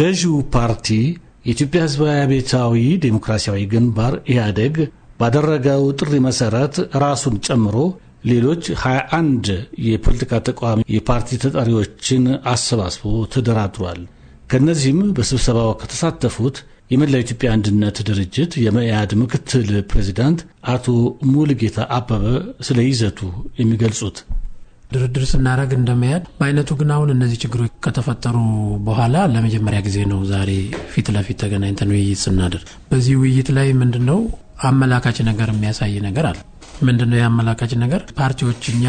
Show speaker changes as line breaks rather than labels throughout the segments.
ገዢው ፓርቲ የኢትዮጵያ ሕዝባዊ አብዮታዊ ዴሞክራሲያዊ ግንባር ኢህአደግ ባደረገው ጥሪ መሰረት ራሱን ጨምሮ ሌሎች 21 የፖለቲካ ተቃዋሚ የፓርቲ ተጠሪዎችን አሰባስቦ ተደራድሯል። ከእነዚህም በስብሰባው ከተሳተፉት የመላው ኢትዮጵያ አንድነት ድርጅት የመኢአድ ምክትል ፕሬዚዳንት አቶ ሙልጌታ አበበ ስለ ይዘቱ የሚገልጹት
ድርድር ስናደረግ እንደመያድ በአይነቱ ግን አሁን እነዚህ ችግሮች ከተፈጠሩ በኋላ ለመጀመሪያ ጊዜ ነው ዛሬ ፊት ለፊት ተገናኝተን ውይይት ስናደር በዚህ ውይይት ላይ ምንድን ነው አመላካች ነገር የሚያሳይ ነገር አለ። ምንድን ነው የአመላካች ነገር? ፓርቲዎች እኛ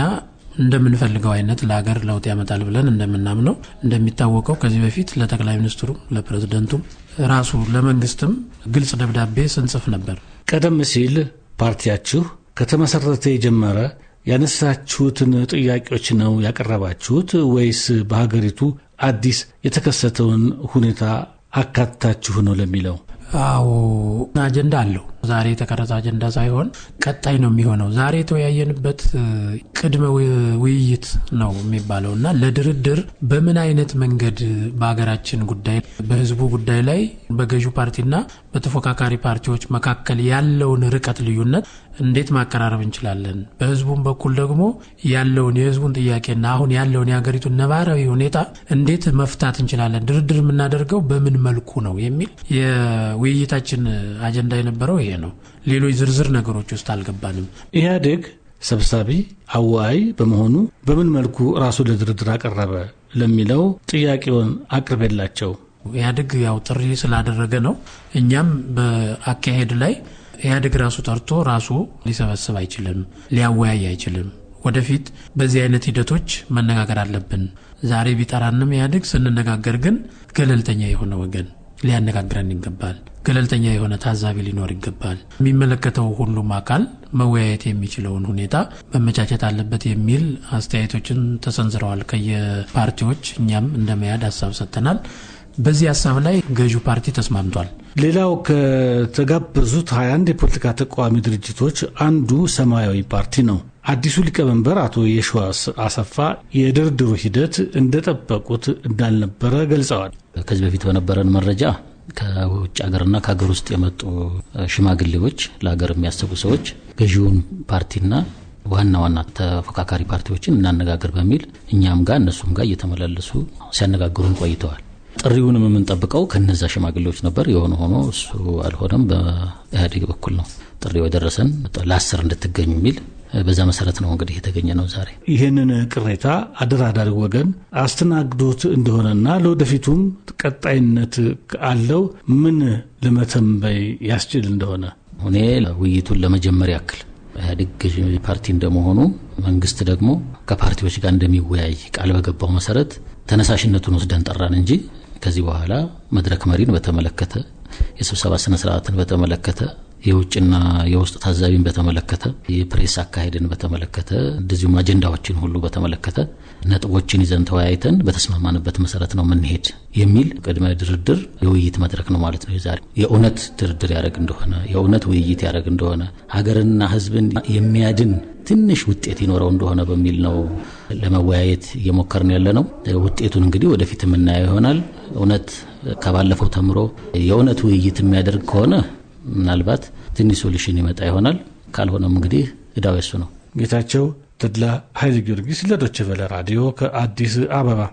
እንደምንፈልገው አይነት ለሀገር ለውጥ ያመጣል ብለን እንደምናምነው እንደሚታወቀው ከዚህ በፊት ለጠቅላይ ሚኒስትሩም ለፕሬዝደንቱም ራሱ ለመንግስትም ግልጽ ደብዳቤ ስንጽፍ ነበር። ቀደም
ሲል ፓርቲያችሁ ከተመሰረተ የጀመረ ያነሳችሁትን ጥያቄዎች ነው ያቀረባችሁት ወይስ በሀገሪቱ አዲስ የተከሰተውን ሁኔታ
አካትታችሁ ነው ለሚለው? አዎ አጀንዳ አለው። ዛሬ የተቀረጸ አጀንዳ ሳይሆን ቀጣይ ነው የሚሆነው። ዛሬ የተወያየንበት ቅድመ ውይይት ነው የሚባለው እና ለድርድር በምን አይነት መንገድ በሀገራችን ጉዳይ፣ በህዝቡ ጉዳይ ላይ በገዢው ፓርቲና በተፎካካሪ ፓርቲዎች መካከል ያለውን ርቀት ልዩነት እንዴት ማቀራረብ እንችላለን፣ በህዝቡም በኩል ደግሞ ያለውን የህዝቡን ጥያቄና አሁን ያለውን የሀገሪቱን ነባራዊ ሁኔታ እንዴት መፍታት እንችላለን፣ ድርድር የምናደርገው በምን መልኩ ነው የሚል የውይይታችን አጀንዳ የነበረው ይሄ ይሄ ነው። ሌሎች ዝርዝር ነገሮች ውስጥ አልገባንም።
ኢህአዴግ ሰብሳቢ አወያይ በመሆኑ በምን መልኩ ራሱ ለድርድር አቀረበ ለሚለው ጥያቄውን አቅርቤላቸው
ኢህአዴግ ያው ጥሪ ስላደረገ ነው። እኛም በአካሄድ ላይ ኢህአዴግ ራሱ ጠርቶ ራሱ ሊሰበስብ አይችልም፣ ሊያወያይ አይችልም። ወደፊት በዚህ አይነት ሂደቶች መነጋገር አለብን። ዛሬ ቢጠራንም ኢህአዴግ ስንነጋገር ግን ገለልተኛ የሆነ ወገን ሊያነጋግረን ይገባል። ገለልተኛ የሆነ ታዛቢ ሊኖር ይገባል። የሚመለከተው ሁሉም አካል መወያየት የሚችለውን ሁኔታ መመቻቸት አለበት የሚል አስተያየቶችን ተሰንዝረዋል ከየፓርቲዎች። እኛም እንደ መያድ ሀሳብ ሰጥተናል። በዚህ ሀሳብ ላይ ገዢው ፓርቲ ተስማምቷል።
ሌላው ከተጋበዙት 21 የፖለቲካ ተቃዋሚ ድርጅቶች አንዱ ሰማያዊ ፓርቲ ነው። አዲሱ ሊቀመንበር አቶ የሸዋስ አሰፋ የድርድሩ ሂደት እንደጠበቁት እንዳልነበረ ገልጸዋል።
ከዚህ በፊት በነበረን መረጃ ከውጭ ሀገርና ከሀገር ውስጥ የመጡ ሽማግሌዎች፣ ለሀገር የሚያስቡ ሰዎች ገዢውን ፓርቲና ዋና ዋና ተፎካካሪ ፓርቲዎችን እናነጋገር በሚል እኛም ጋር እነሱም ጋር እየተመላለሱ ሲያነጋግሩን ቆይተዋል። ጥሪውንም የምንጠብቀው ከነዛ ሽማግሌዎች ነበር። የሆነ ሆኖ እሱ አልሆነም። በኢህአዴግ በኩል ነው ጥሪው የደረሰን ለአስር እንድትገኙ የሚል በዛ መሰረት ነው እንግዲህ የተገኘ ነው። ዛሬ
ይህንን ቅሬታ አደራዳሪ ወገን አስተናግዶት እንደሆነና ለወደፊቱም ቀጣይነት አለው ምን ለመተንበይ ያስችል እንደሆነ
እኔ ውይይቱን ለመጀመር ያክል ኢህአዴግ ገዢ ፓርቲ እንደመሆኑ መንግስት ደግሞ ከፓርቲዎች ጋር እንደሚወያይ ቃል በገባው መሰረት ተነሳሽነቱን ወስደን ጠራን እንጂ ከዚህ በኋላ መድረክ መሪን በተመለከተ የስብሰባ ስነ ስርዓትን በተመለከተ የውጭና የውስጥ ታዛቢን በተመለከተ የፕሬስ አካሄድን በተመለከተ እንደዚሁም አጀንዳዎችን ሁሉ በተመለከተ ነጥቦችን ይዘን ተወያይተን በተስማማንበት መሰረት ነው ምንሄድ የሚል ቅድመ ድርድር የውይይት መድረክ ነው ማለት ነው። የዛሬ የእውነት ድርድር ያደረግ እንደሆነ የእውነት ውይይት ያደረግ እንደሆነ ሀገርንና ሕዝብን የሚያድን ትንሽ ውጤት ይኖረው እንደሆነ በሚል ነው ለመወያየት እየሞከርን ያለ ነው። ውጤቱን እንግዲህ ወደፊት የምናየው ይሆናል። እውነት ከባለፈው ተምሮ የእውነት ውይይት የሚያደርግ ከሆነ ምናልባት ትንሽ ሶሉሽን ይመጣ ይሆናል። ካልሆነም እንግዲህ እዳው የሱ ነው። ጌታቸው ተድላ ኃይለ ጊዮርጊስ ለዶይቼ
ቬለ ራዲዮ ከአዲስ አበባ